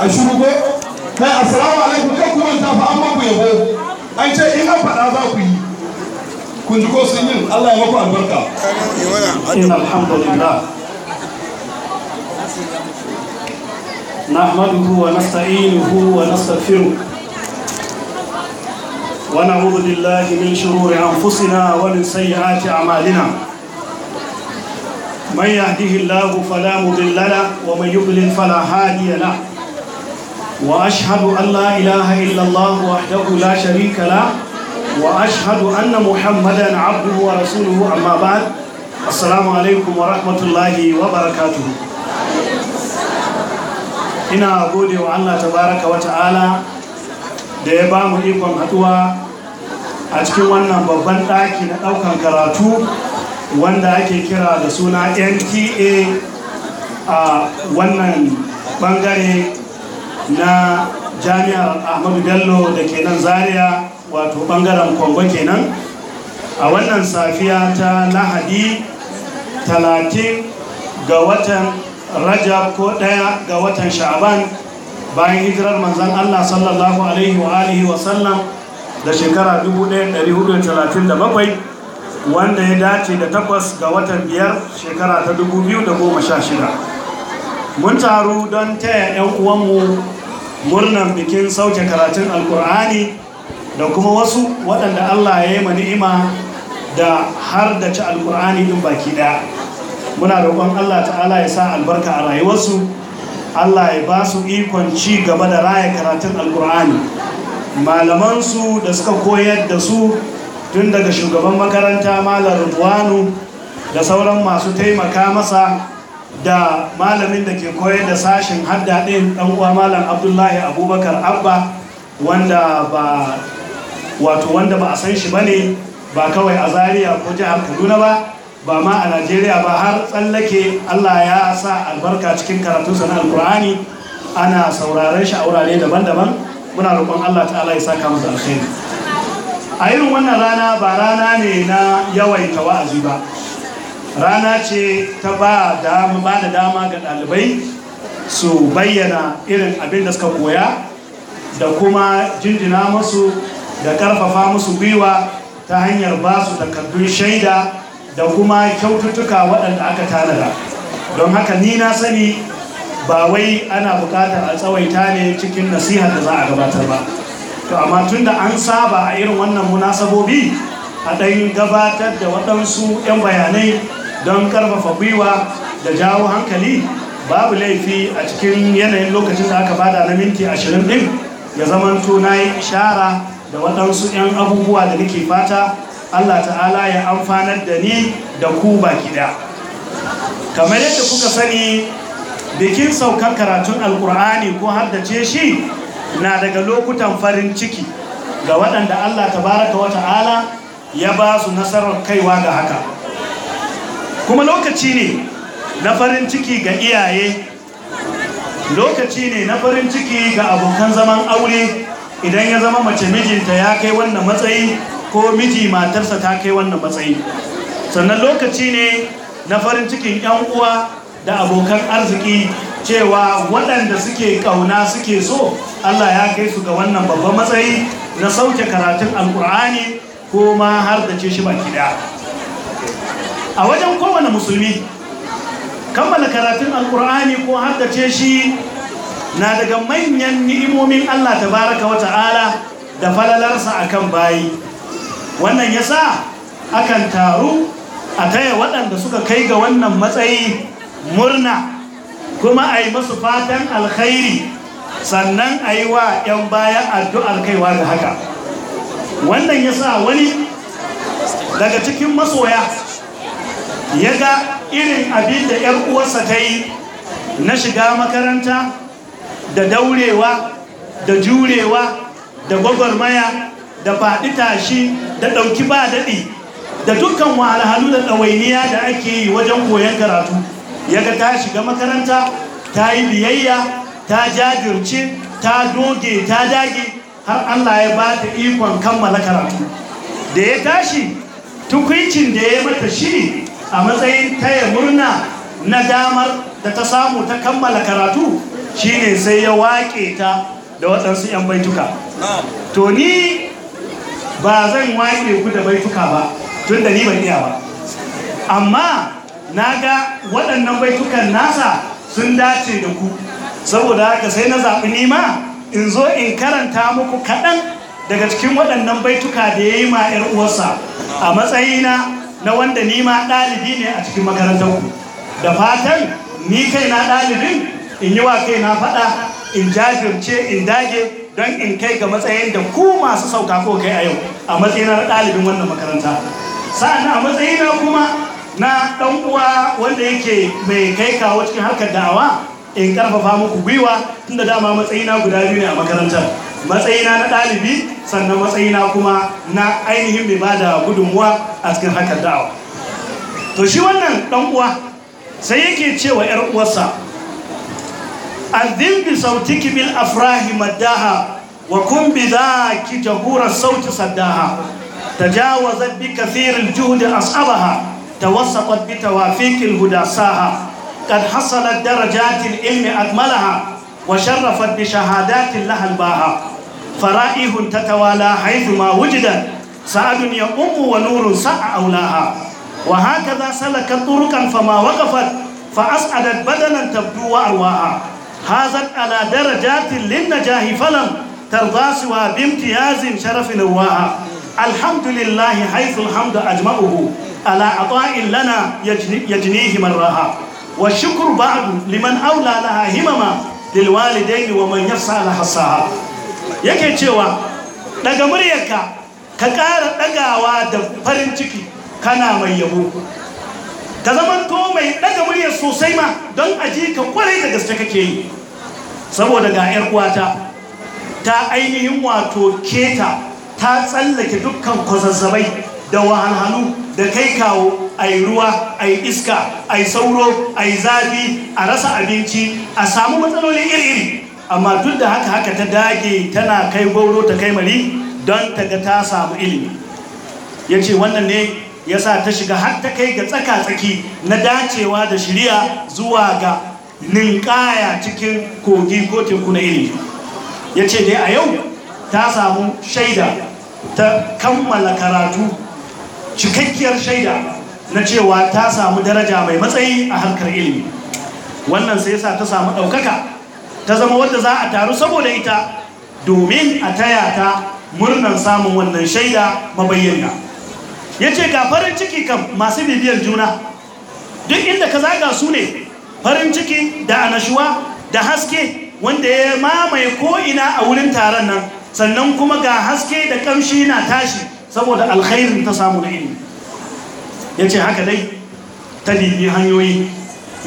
a shiru ko kai assalamu alaikum kan ta an ce in an faɗa za ku yi kun ji ko Allah ya maku albarka Wani alhamdulillah نحمده ونستعينه ونستغفره ونعوذ بالله من شرور أنفسنا ومن سيئات أعمالنا من يهده الله فلا مضل له ومن يضلل فلا هادي له واشهد ان لا اله الا الله وحده لا شريك له واشهد ان محمدا عبده ورسوله اما بعد السلام عليكم ورحمه الله وبركاته ina gode wa Allah tabaraka wa ta'ala da ya ba mu ikon haduwa a cikin wannan babban ɗaki na ɗaukan karatu wanda ake kira da suna nta a wannan bangare na jami'ar ahmadu bello da ke nan zaria wato bangaren kwangwa kenan a wannan safiya ta lahadi talatin ga watan rajab ko daya ga watan sha'aban bayan hijirar manzan allah sallallahu alaihi wa alihi wasallam da shekara 1437 wanda ya dace da takwas ga watan biyar shekara ta da goma sha shida. mun taru don taya 'yan uwanmu murnan bikin sauke karatun alkur'ani da kuma wasu waɗanda allah ya yi ni'ima da har da ci alkur'ani ɗin baki ɗaya muna roƙon allah ta'ala ya sa albarka a rayuwarsu allah ya ba su ikon ci gaba da raya karatun alkur'ani malamansu da suka koyar da su tun daga shugaban makaranta malar rudwanu da sauran masu taimaka masa da malamin da ke koyar da sashen hadda ɗin uwa malam abdullahi abubakar abba wanda ba wato wanda ba a san shi ba ne ba kawai a zariya ko jihar kaduna ba ba ma a najeriya ba har tsallake allah ya sa albarka cikin karatunsa na alkur'ani ana sauraren shi a wurare daban-daban muna roƙon allah ta'ala ya saka masa alkhairi a irin wannan rana ba rana ne na yawaita wa'azi ba rana ce ta ba da dama ga ɗalibai su bayyana irin abin da suka koya da kuma jinjina musu da ƙarfafa musu gwiwa ta hanyar ba su takardun shaida da kuma kyaututtuka waɗanda aka tanada don haka ni na sani ba wai ana buƙatar a tsawaita ne cikin nasihar da za a gabatar ba to amma tun da an saba a irin wannan munasabobi a ɗan gabatar da waɗansu 'yan bayanai don ƙarfafa gwiwa da jawo hankali babu laifi a cikin yanayin lokacin da aka bada na minti ashirin ɗin ya zamanto na yi ishara da waɗansu 'yan abubuwa da nake fata allah ta'ala ya amfanar da ni da ku baki kamar yadda kuka sani bikin saukar karatun alkur'ani ko haddace shi na daga lokutan farin ciki ga waɗanda Allah tabaraka wa ta'ala ya ba su nasarar kaiwa ga haka kuma lokaci ne na farin ciki ga iyaye lokaci ne na farin ciki ga abokan zaman aure idan ya zama mace mijinta ya kai wannan matsayi ko miji matarsa ta kai wannan matsayi sannan lokaci ne na farin cikin 'yan uwa da abokan arziki cewa waɗanda suke ƙauna suke so Allah ya kai su ga wannan babban matsayi na sauke karatun Alƙur'ani ko ma har da ce shi baki a wajen kowane musulmi kammala karatun Alƙur'ani ko har da ce shi na daga manyan ni'imomin Allah tabaraka WaTa'ala ala da falalarsa a kan bayi wannan yasa akan taru a taya waɗanda suka kai ga wannan matsayi murna kuma a yi masu fatan alkhairi sannan a yi wa 'yan baya addu'ar kaiwa da haka wannan ya sa wani daga cikin masoya ya ga irin abin da 'yan uwarsa ta yi na shiga makaranta da daurewa da jurewa da gwagwarmaya da faɗi tashi da ɗauki ba daɗi da dukkan wahalhalu da ɗawainiya da ake yi wajen koyon karatu ya ga ta shiga makaranta ta yi biyayya ta jajirce ta doge ta dage har allah ya ba ikon kammala karatu da ya tashi tukuicin da ya mata shi a matsayin taya murna na damar da ta samu ta kammala karatu shine sai ya waƙe ta da waɗansu 'yan baituka to ni ba zan waƙe ku da baituka ba tun da ni ban iya ba amma na ga waɗannan baitukan nasa sun dace da ku saboda haka sai na zaɓi nima in zo in karanta muku kaɗan daga cikin waɗannan baituka da ya yi ma 'yar uwarsa a matsayina na wanda nima ɗalibi ne a cikin makarantar ku da fatan ni kaina ɗalibin in yi wa na faɗa in jajirce in dage don in kai ga matsayin da ku masu sauka ko kai a yau a matsayina na ɗalibin wannan makaranta sa'an a na kuma na ɗan uwa wanda yake mai kai kawo cikin harkar da'awa in karfafa muku gwiwa tunda dama matsayina guda biyu ne a makarantar matsayina na ɗalibi sannan matsayina kuma na ainihin mai ba da gudunmuwa a cikin harkar da'awa to shi wannan ɗan uwa sai yake cewa ‘yar uwarsa azin bi sautiki bil afrahi maddaha wa kun bi za ki jagorar sauti saddaha tajawazar bi kafirin juhudin as'abaha توثقت بتوافيق الهدى ساها قد حصلت درجات العلم أكملها وشرفت بشهادات لها الباها فرائه تتوالى حيثما وجدت سعد يقوم ونور سعى أولاها وهكذا سلكت طرقا فما وقفت فأسعدت بدنا تبدو وأرواها هازت على درجات للنجاه فلم ترضى سوى بامتياز شرف نواها الحمد لله حيث الحمد أجمعه ala ata'in lana yajnihi marraha wa shukru ba'du liman aula na laha himama lil walidaini wa man yafsa hasaha yake cewa daga muryarka ka ƙara ɗagawa da farin ciki kana mai yabo ka zama to mai ɗaga muryar sosai ma don aji ka kwarai da gaske kake yi saboda ga 'yar uwata ta ainihin wato keta ta tsallake dukkan kwazazzabai da wahalhalu da kai kawo a yi ruwa a yi iska a yi sauro a yi zafi a rasa abinci a samu matsaloli iri-iri amma duk da haka haka ta dage tana kai gauro ta kai mari don ta ga ta samu ilimi ya ce wannan ne ya sa ta shiga har ta kai ga tsaka-tsaki na dacewa da shirya zuwa ga ninkaya cikin kogi ko teku na ilimi ya ce dai a yau ta samu shaida ta kammala karatu cikakkiyar shaida na cewa ta samu daraja mai matsayi a harkar ilimi wannan sai yasa ta samu ɗaukaka ta zama wanda za a taru saboda ita domin a taya ta murnar samun wannan shaida mabayyana ya ce ga farin ciki kan masu bibiyar juna duk inda ka zaga su ne farin ciki da anashuwa da haske wanda ya mamaye ko ina a wurin taron nan sannan kuma ga haske da ƙamshi na tashi saboda alkhairin ta samu na ilimi ya ce haka dai ta dibi hanyoyi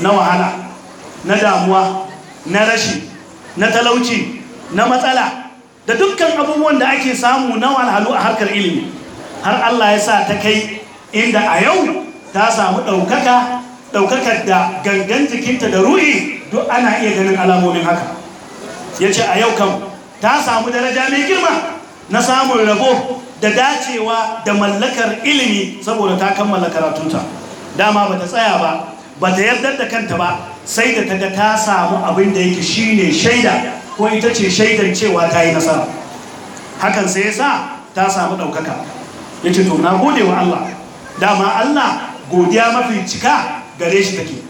na wahala na damuwa na rashi na talauci na matsala da dukkan abubuwan da ake samu na wahalhalu a harkar ilimi har Allah ya sa ta kai inda a yau ta samu ɗaukaka ɗaukakar da gangan jikinta da ruhi duk ana iya ganin alamomin haka ya ce a yau kam ta samu daraja mai girma na samun rabo da dacewa da mallakar ilimi saboda ta kammala karatunta dama ba ta tsaya ba ba ta yarda da kanta ba sai da ta ga ta samu abin da yake shine shaida ko ita ce shaidar cewa ta yi nasara hakan sai ya sa ta samu ɗaukaka ya to na gode wa Allah dama Allah godiya mafi cika gare shi take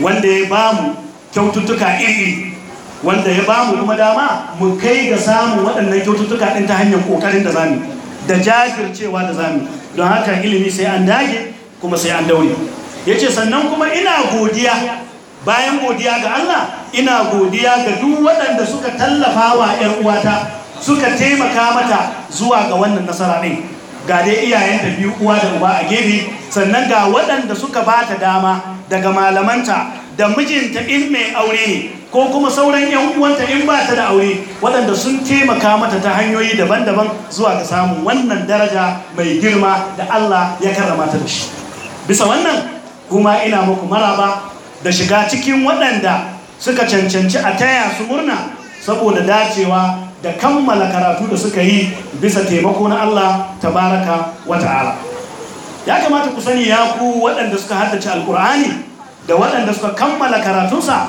wanda ya ba mu kyaututtuka iri wanda ya ba mu kuma dama mu kai ga samun waɗannan kyaututtuka ɗin ta hanyar ƙoƙarin da zamu da jajircewa da zamu don haka ilimi sai an dage kuma sai an daure ya ce sannan kuma ina godiya bayan godiya ga Allah ina godiya ga duk waɗanda suka tallafa wa ‘yan uwata suka taimaka mata zuwa ga wannan nasara ɗin ga dai iyayen iyayenta biyu uwa da uba a gefe sannan ga waɗanda suka ba ta dama daga malamanta da mijinta in mai aure ne ko kuma sauran yan uwanta in ba ta da aure waɗanda sun taimaka mata ta hanyoyi daban-daban zuwa ga samun wannan daraja mai girma da Allah ya karrama ta da shi bisa wannan kuma ina muku maraba da shiga cikin waɗanda suka cancanci a taya su murna saboda dacewa da kammala karatu da suka yi bisa taimako na Allah tabaraka wa ta'ala ya kamata ku sani ya ku waɗanda suka haddace alkur'ani da waɗanda suka kammala karatunsa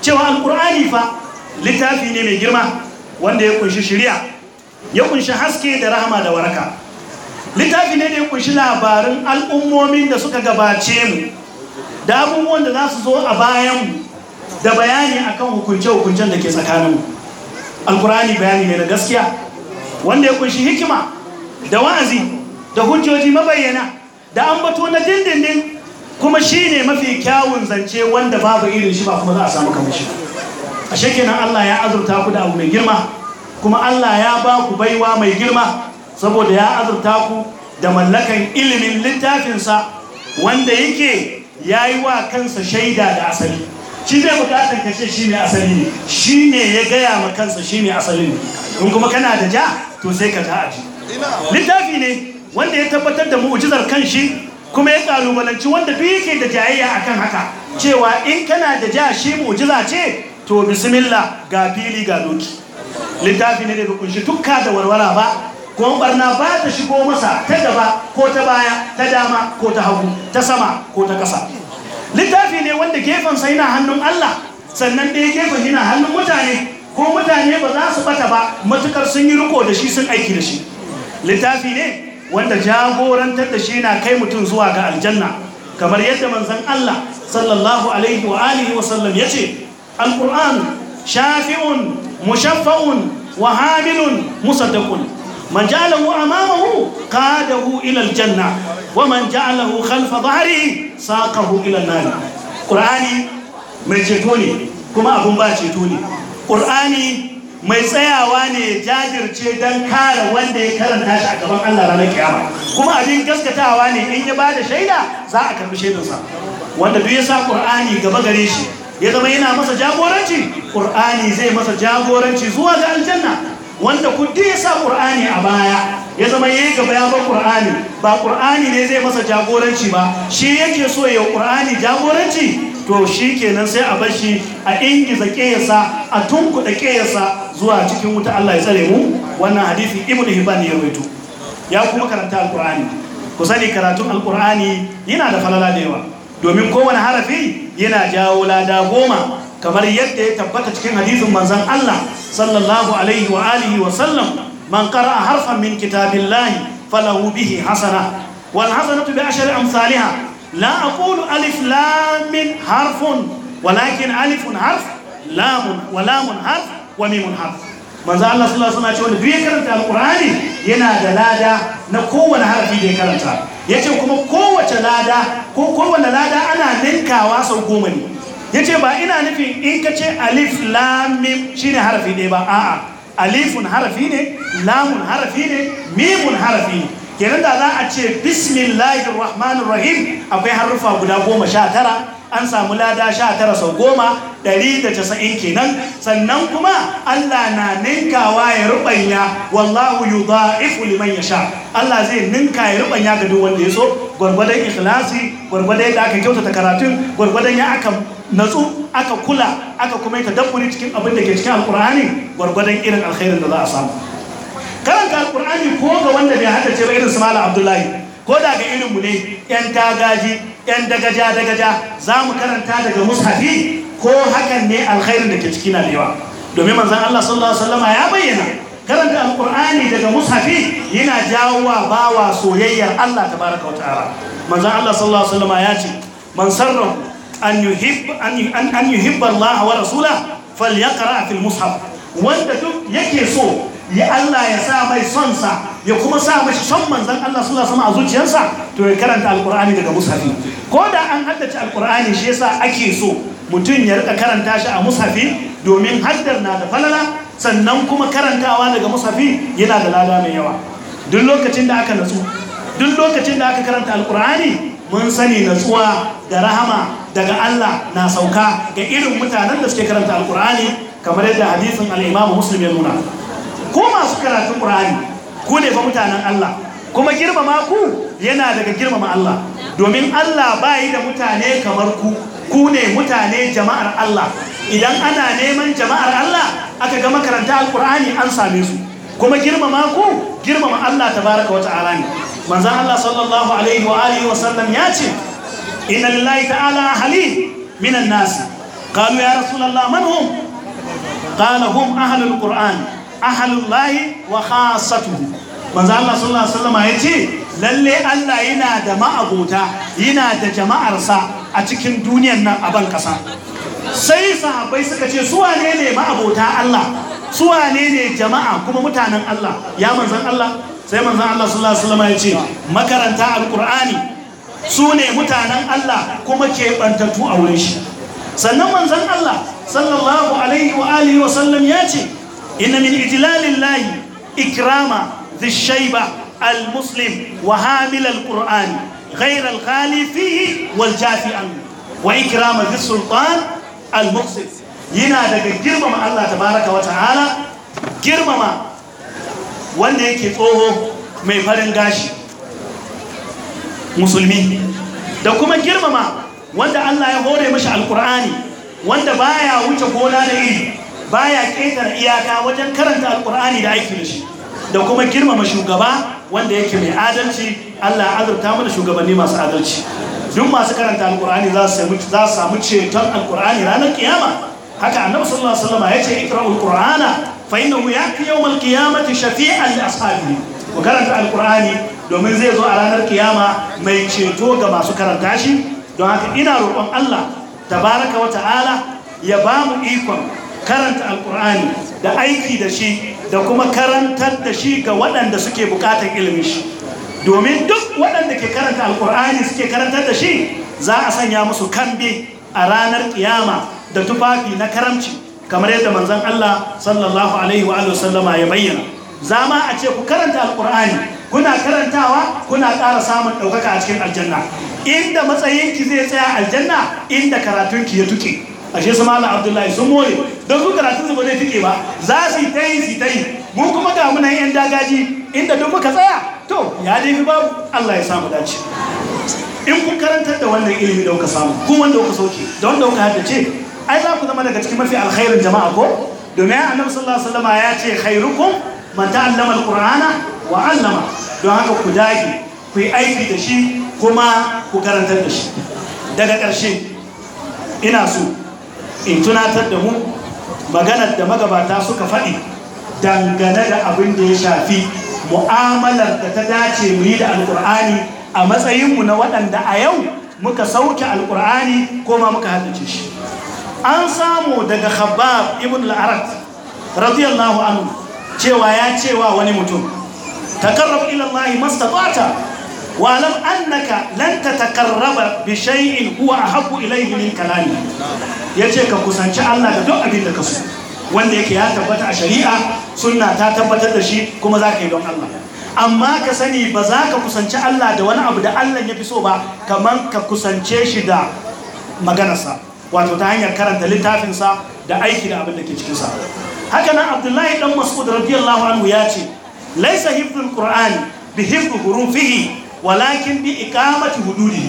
cewa alƙur'ani fa littafi ne mai girma wanda ya kunshi shirya ya kunshi haske da rahama da waraka littafi ne da ya kunshi labarin al'ummomin da suka gabace mu da abubuwan da za su zo a bayan mu da bayani akan hukunce-hukuncen da ke tsakanin mu. Alƙur'ani bayani ne na gaskiya wanda ya kunshi hikima da wa'azi da hujjoji mabayyana da ambato na dindindin kuma shi ne mafi kyawun zance wanda babu irin shi ba kuma za a samu kamar shi ashe kenan Allah ya azurta ku da abu mai girma kuma Allah ya ba ku baiwa mai girma saboda ya azurta ku da mallakan ilimin littafinsa wanda yake ya yi wa kansa shaida da asali shi zai bukatar ka ce ne asali ne shi ne ya gaya ma kansa shi ne asali ne in kuma kana da ja to sai ka ja littafi ne wanda ya tabbatar da mu'ujizar shi. kuma ya kalubalanci wanda duk yake da jayayya akan haka cewa in kana da ja shi mu'jiza ce to bismillah ga fili ga doki littafi ne da bai kunshi tukka da warwara ba kuma barna ba ta shigo masa ta gaba ko ta baya ta dama ko ta hagu ta sama ko ta ƙasa littafi ne wanda gefen sa yana hannun Allah sannan ɗaya gefen yana hannun mutane ko mutane ba za su bata ba matukar sun yi riko da shi sun aiki da shi littafi ne wanda jagorantar da shi na kai mutum zuwa ga aljanna kamar yadda manzon Allah sallallahu alaihi wa alihi wa sallam yace alquran shafi'un mushaffa'un wa hamilun musaddaqun man ja'alahu amamahu qadahu ila aljanna wa man ja'alahu khalfa dhahrihi saqahu ila an-nar qur'ani mai ceto ne kuma abun ba ceto ne qur'ani mai tsayawa ne jajirce don kare wanda ya karanta shi a gaban Allah ranar kiyama kuma abin gaskatawa ne in ya ba da shaida za a karbi shaidansa. wanda duk ya sa Qur'ani gaba gare shi ya zama yana masa jagoranci Qur'ani zai masa jagoranci zuwa ga aljanna wanda ku duk ya sa Qur'ani a baya ya zama yayi gaba ya bar Qur'ani ba Qur'ani ne zai masa jagoranci ba shi yake so ya Qur'ani jagoranci to shi kenan sai a bashi a ingiza ƙeyasa a tunkuɗa ƙeyasa zuwa cikin wuta Allah ya tsare mu wannan hadisi ibnu hibban ya rawaito ya kuma karanta alqur'ani ku sani karatun alqur'ani yana da falala da yawa domin kowane harafi yana jawo lada goma kamar yadda ya tabbata cikin hadisin manzon Allah sallallahu alaihi wa alihi wa sallam man qara'a harfan min kitabillahi falahu bihi hasana wal hasanatu bi ashri amsalha لا أقول ألف لام حرف ولكن ألف حرف لام ولام حرف وميم حرف manzo Allah sallallahu alaihi wasallam wanda duk ya karanta alqur'ani yana da lada na kowane harfi da ya karanta yace kuma kowace lada ko kowane lada ana ninkawa sau goma ne yace ba ina nufin in ka ce alif lam mim shine harfi ɗaya ba a'a alifun harfi ne lamun harfi ne mimun harafi ne kenan da za a ce bismillahir rahmanir rahim akwai harufa guda goma sha tara an samu lada sha tara sau goma ɗari da casa'in kenan sannan kuma allah na ninkawa ya rubanya wallahu yu za'ifu liman ya sha allah zai ninka ya rubanya ga duk wanda ya so gwargwadon ikhlasi gwargwadon da aka kyautata karatun gwargwadon ya aka natsu aka kula aka kuma yi tadabburi cikin abin da ke cikin alkur'ani gwargwadon irin alkhairin da za a samu karanta alkur'ani ko ga wanda bai haddace ba irin su malam abdullahi ko da ga mu ne yan tagaji yan dagaja dagaja za mu karanta daga mushafi ko hakan ne alkhairin da ke ciki na yawa domin manzon Allah sallallahu alaihi wasallam ya bayyana karanta alkur'ani daga mushafi yana jawo wa bawa soyayyar Allah tabaraka wa ta'ala manzon Allah sallallahu alaihi wasallam ya ce man sarrahu an yuhib an yuhibba Allah wa rasulahu falyaqra fil mushaf wanda duk yake so Yi Allah ya sa mai son sa ya kuma sa mai son manzon Allah sallallahu alaihi wasallam a zuciyarsa to ya karanta alqur'ani daga mushafi ko da an haddace alqur'ani shi yasa ake so mutum ya rika karanta shi a mushafi domin haddar na da falala sannan kuma karantawa daga mushafi yana da lada mai yawa duk lokacin da aka natsu duk lokacin da aka karanta alqur'ani mun sani natsuwa da rahama daga Allah na sauka ga irin mutanen da suke karanta alkur'ani kamar yadda hadisin al'imamu muslim ya nuna ko masu karatun ƙur'ani ku ne fa mutanen Allah kuma girmama ku yana daga girmama Allah domin Allah bayi da mutane kamar ku ku ne mutane jama'ar Allah idan ana neman jama'ar Allah aka ga makaranta alkur'ani an same su kuma girmama ku girmama Allah tabaraka wa ta'ala ne manzon Allah sallallahu alaihi wa alihi wa sallam ya ce inna lillahi ta'ala halim minan nas qalu ya rasu man hum qala hum ahlul qur'an ahalullahi wa khassatuhu manzo Allah sallallahu alaihi wasallam yace lalle Allah yana da ma'abota yana da jama'arsa a cikin duniyar nan a ban kasa sai sahabbai suka ce su wane ne ma'abota Allah su wane ne jama'a kuma mutanen Allah ya manzon Allah sai manzon Allah sallallahu alaihi wasallam yace makaranta alqur'ani su ne mutanen Allah kuma ke bantattu a wurin shi sannan manzon Allah sallallahu alaihi wa alihi wa sallam ya ce inna min ijlalillahi ikrama dhishayba المسلم وحامل القرآن غير الخالي فيه والجافي عنه وإكرام ذي السلطان المقصد yana daga girmama Allah tabaraka wa ta'ala girmama wanda yake tsoho mai farin gashi musulmi da kuma girmama wanda Allah ya hore mashi alkur'ani wanda baya wuce gona da iri baya ƙetare iyaka wajen karanta alkur'ani da aiki da shi da kuma girmama shugaba wanda yake mai adalci Allah azurta mana shugabanni masu adalci duk masu karanta Alƙur'ani za su samu ceton alkur'ani ranar kiyama haka annabi sallallahu alaihi wasallam ya ce ikra'ul qur'ana fa innahu ya'ti yawmal qiyamati shafi'an li ashabihi ku karanta alkur'ani domin zai zo a ranar kiyama mai ceto ga masu karanta shi don haka ina roƙon Allah tabaraka wa ta'ala ya ba mu ikon karanta alkur'ani da aiki da shi da kuma karantar da shi ga waɗanda suke buƙatar ilimin shi domin duk waɗanda ke karanta alkur'ani suke karantar da shi za a sanya musu kambe a ranar ƙiyama da tufafi na karamci kamar yadda manzon Allah sallallahu alaihi wa sallama ya bayyana zama a ce ku karanta alkur'ani kuna karantawa kuna ƙara samun ɗaukaka a cikin aljanna inda matsayinki zai tsaya aljanna inda karatunki ya tuke ashe su malam abdullahi sun more don su karatun su ba zai fike ba za su yi ta su ta yi mu kuma ga muna yan dagaji inda duk muka tsaya to ya dai fi babu allah ya samu dace in kun karantar da wannan ilimi da kuka samu kun wanda kuka sauke da wanda kuka ce ai za ku zama daga cikin mafi alkhairin jama'a ko domin annabi sallallahu alaihi wasallam ya ce khairukum man ta'allama alqur'ana wa 'allama don haka ku dage ku yi aiki da shi kuma ku karantar da shi daga ƙarshe ina so in tunatar da mu maganar da magabata suka faɗi dangane da abin da ya shafi mu'amalar da ta dace mu yi da alkur'ani a matsayinmu na waɗanda a yau muka sauke alkur'ani ko ma muka haɗace shi an samu daga khabbab ibn al-arat radiyallahu anhu cewa ya cewa wani mutum takarrab ila Allah mastata واعلم انك لن تتقرب بشيء هو احب اليه من كلامي yace ka kusanci Allah da duk abin da ka so wanda yake ya tabbata a shari'a sunna ta tabbatar da shi kuma za ka yi don Allah amma ka sani ba za ka kusanci Allah da wani abu da Allah ya fi so ba kamar ka kusance shi da maganarsa wato ta hanyar karanta littafinsa da aiki da abin da ke cikinsa haka nan abdullahi dan mas'ud radiyallahu anhu ya ce laisa hifdul qur'ani bi hifdhi hurufihi walakin bi iqamati hududi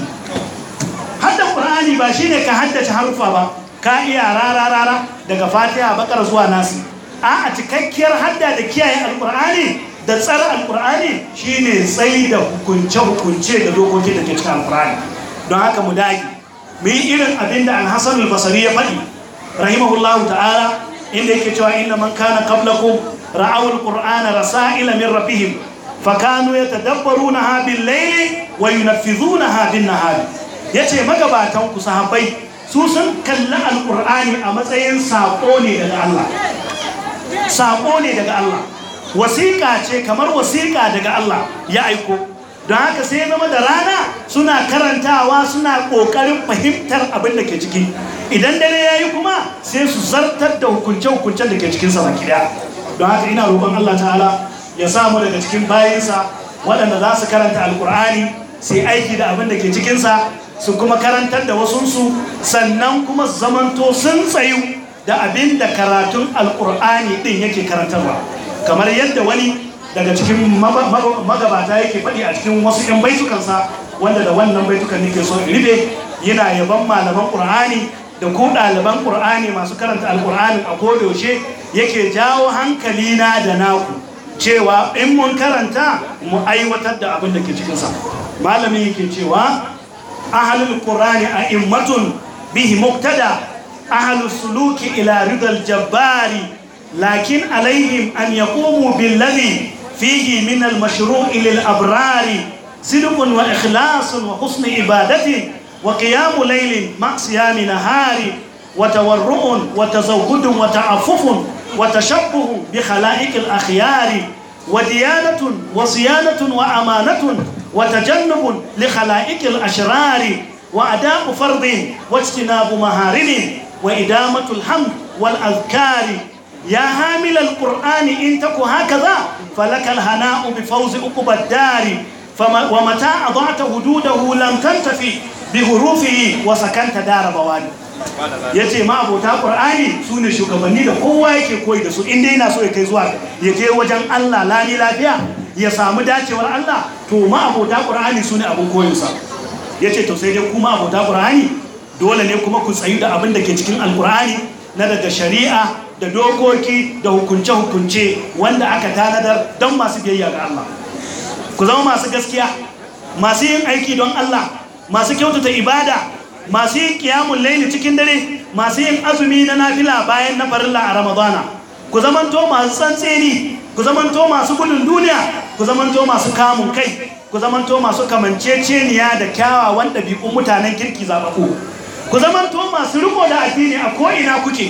hadda qur'ani ba shine ka haddace harufa ba ka iya rara rara daga fatiha bakar zuwa nasi a a cikakkiyar hadda da kiyaye alqur'ani da tsara alqur'ani shine sai da hukunce hukunce da dokoki da ke cikin alqur'ani don haka mu dage mu yi irin abinda al-hasan al ya faɗi rahimahullahu ta'ala inda yake cewa inna man kana qablakum ra'aw al-qur'ana rasaila min rabbihim fakanu ya tadabbaru na habin laili wa nafizu na habin na habin ya ce magabatan ku sahabbai su sun kalli alƙur'ani a matsayin saƙo ne daga Allah saƙo ne daga Allah wasiƙa ce kamar wasiƙa daga Allah ya aiko don haka sai ya zama da rana suna karantawa suna ƙoƙarin fahimtar abin da ke ciki idan dare ya yi kuma sai su zartar da hukunce-hukuncen da ke cikin sama gida don haka ina roƙon Allah ta'ala ya samu daga cikin bayansa waɗanda za su karanta alkur'ani sai aiki da abin da ke cikinsa su kuma karantar da wasunsu sannan kuma zamanto sun tsayu da abin da karatun alkur'ani ɗin yake karantarwa kamar yadda wani daga cikin magabata yake faɗi a cikin wasu 'yan baitukansa wanda da wannan baitukan ke so ribe yana yaban malaman ƙur'ani da ku ɗaliban ƙur'ani masu karanta Alƙur'ani a koyaushe yake jawo hankali na da naku cewa in mun karanta mu aiwatar da abin da ke cikinsa malamin yake cewa ahalul qur'ani a immatun bihi muktada ahalus suluki ila ridal jabbari lakin alaihim an yaqumu billadhi fihi min al mashru'i lil abrari sidqun wa ikhlasun wa husn ibadatin wa qiyamu laylin ma siyami nahari wa tawarru'un wa tazawwudun wa ta'affufun وتشبه بخلائق الأخيار وديانة وصيانة وأمانة وتجنب لخلائق الأشرار وأداء فرض واجتناب مهارم وإدامة الحمد والأذكار يا حامل القرآن إن تك هكذا فلك الهناء بفوز أقب الدار ومتى أضعت هدوده لم تنتفي بحروفه وسكنت دار بوالي ya ce ma abota ƙur'ani su ne shugabanni da kowa yake koyi da su inda yana so ya kai zuwa ya je wajen allah lani lafiya ya samu dacewar allah to ma abota ƙur'ani su ne abin koyinsa ya ce to sai dai kuma abota ƙur'ani dole ne kuma ku tsayu da abin da ke cikin alƙur'ani na daga shari'a da dokoki da hukunce-hukunce wanda aka tanadar don masu biyayya ga allah ku zama masu gaskiya masu yin aiki don allah masu kyautata ibada masu yin kiyamun laili cikin dare masu yin azumi na nafila bayan na farilla a ramadana ku zamanto masu tsantseni ku zamanto masu gudun duniya ku zamanto masu kamun kai ku zamanto masu kamanceceniya da kyawawan ɗabi'un mutanen kirki zaɓaɓɓu ku zamanto masu riko da addini a ko'ina kuke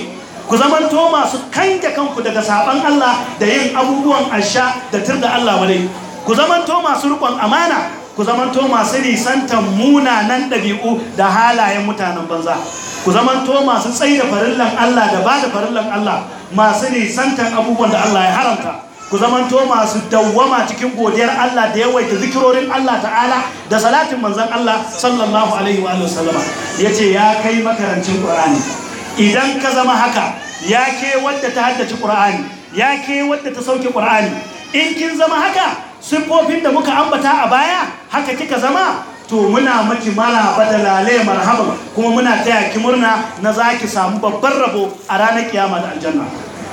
ku zamanto masu kanke kanku daga saɓan Allah da yin abubuwan asha da tirda Allah wadai ku zamanto masu riƙon amana ku zamanto masu nisantan munanan ɗabi'u da halayen mutanen banza ku zamanto masu tsaye da farillan Allah da ba da farillan Allah masu nisantan abubuwan da Allah ya haramta ku zamanto masu dawwama cikin godiyar Allah da yawaita zikirorin Allah ta'ala da salatin manzon Allah sallallahu alaihi wa sallama ce ya kai makarancin ƙur'ani. idan ka zama haka ya ke wadda ta haddace ƙur'ani ya ke wadda ta sauke ƙur'ani in kin zama haka siffofin da muka ambata a baya haka kika zama to muna maki maraba da marhaban kuma muna taya ki murna na zaki samu babbar rabo a ranar kiyama da aljanna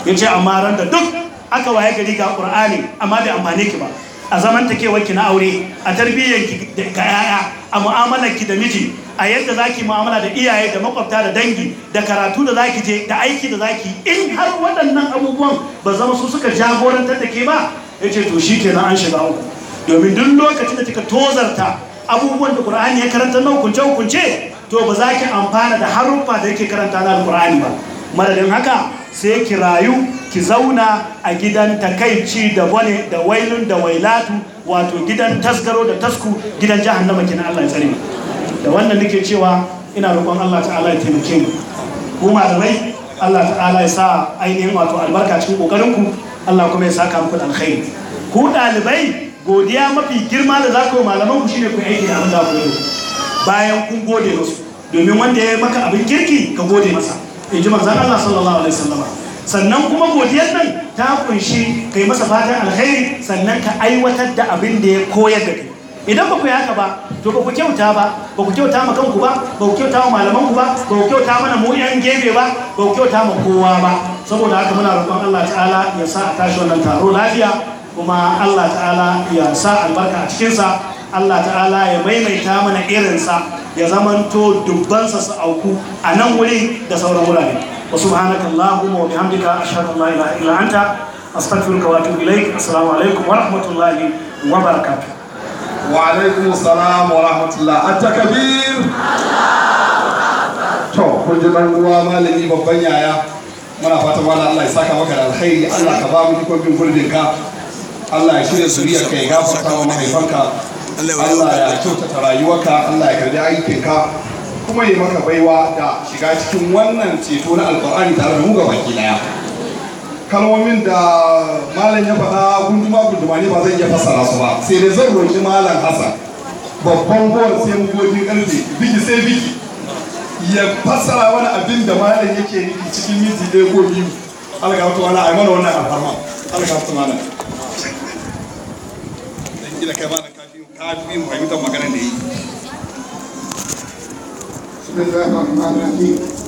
yace amma ran da duk aka waye gari ga qur'ani amma bai amfane ki ba a zaman ki na aure a tarbiyyar ki da yaya a mu'amalarki da miji a yadda zaki mu'amala da iyaye da makwabta da dangi da karatu da zaki je da aiki da zaki in har waɗannan abubuwan ba zama su suka jagorantar da ke ba ya ce to shi ke na an shiga uku domin duk lokacin da kika tozarta abubuwan da qur'ani ya karanta na hukunce hukunce to ba za ki amfana da haruffa da yake karanta na alqur'ani ba madadin haka sai ki rayu ki zauna a gidan takaici da wani da wailun da wailatu wato gidan tasgaro da tasku gidan jahannama kenan Allah ya tsare mu. da wannan nake cewa ina roƙon Allah ta'ala ya taimake mu kuma da rai Allah ta'ala ya sa ainihin wato albarka cikin kokarin ku Allah kuma ya saka muku da alkhairi ku dalibai godiya mafi girma da za ku yi malaman ku shine ku aiki da Allah da ku yi bayan kun gode musu domin wanda ya maka abin kirki ka gode masa in ji manzon Allah sallallahu alaihi wasallam sannan kuma godiyar nan ta kunshi kai masa fatan alkhairi sannan ka aiwatar da abin da ya koyar da kai idan ba ku yi haka ba to ba ku kyauta ba ba ku kyauta ma kanku ba ba ku kyauta ma malamanku ba ba ku kyauta mana mu yan gebe ba ba ku kyauta ma kowa ba saboda haka muna roƙon Allah ta'ala ya sa a tashi wannan taro lafiya kuma Allah ta'ala ya sa albarka a cikinsa Allah ta'ala ya maimaita mana irin sa ya zamanto dubbansa su auku a nan wurin da sauran wurare wa subhanaka allahumma wa bihamdika ashhadu an la ilaha illa anta astaghfiruka wa atubu ilaik assalamu alaikum wa rahmatullahi wa barakatuh wa alaikum salam wa rahmatullah at-takbir to kun ruwa malami babban yaya muna fatan wani Allah ya saka maka da alkhairi Allah ka ba mu bin gurbin ka Allah ya shirya zuriyar ka ya gafarta wa mahaifanka Allah ya kyautata rayuwarka Allah ya karbi aikinka kuma ya maka baiwa da shiga cikin wannan ceto na alkur'ani tare da mu gaba ki daya kalmomin da malam ya faɗa gunduma gunduma ne ba zan iya fassara su ba sai dai zan roƙi malam hasan babban gowar sai mu mugogin ƙarfe biki sai biki ya fassara wani abin da malam yake nufi cikin minti ɗaya ko biyu alga wata wani aimana wannan alfarma alga wata malam dan gida kai malam kafi mu fahimtar magana da yi بسم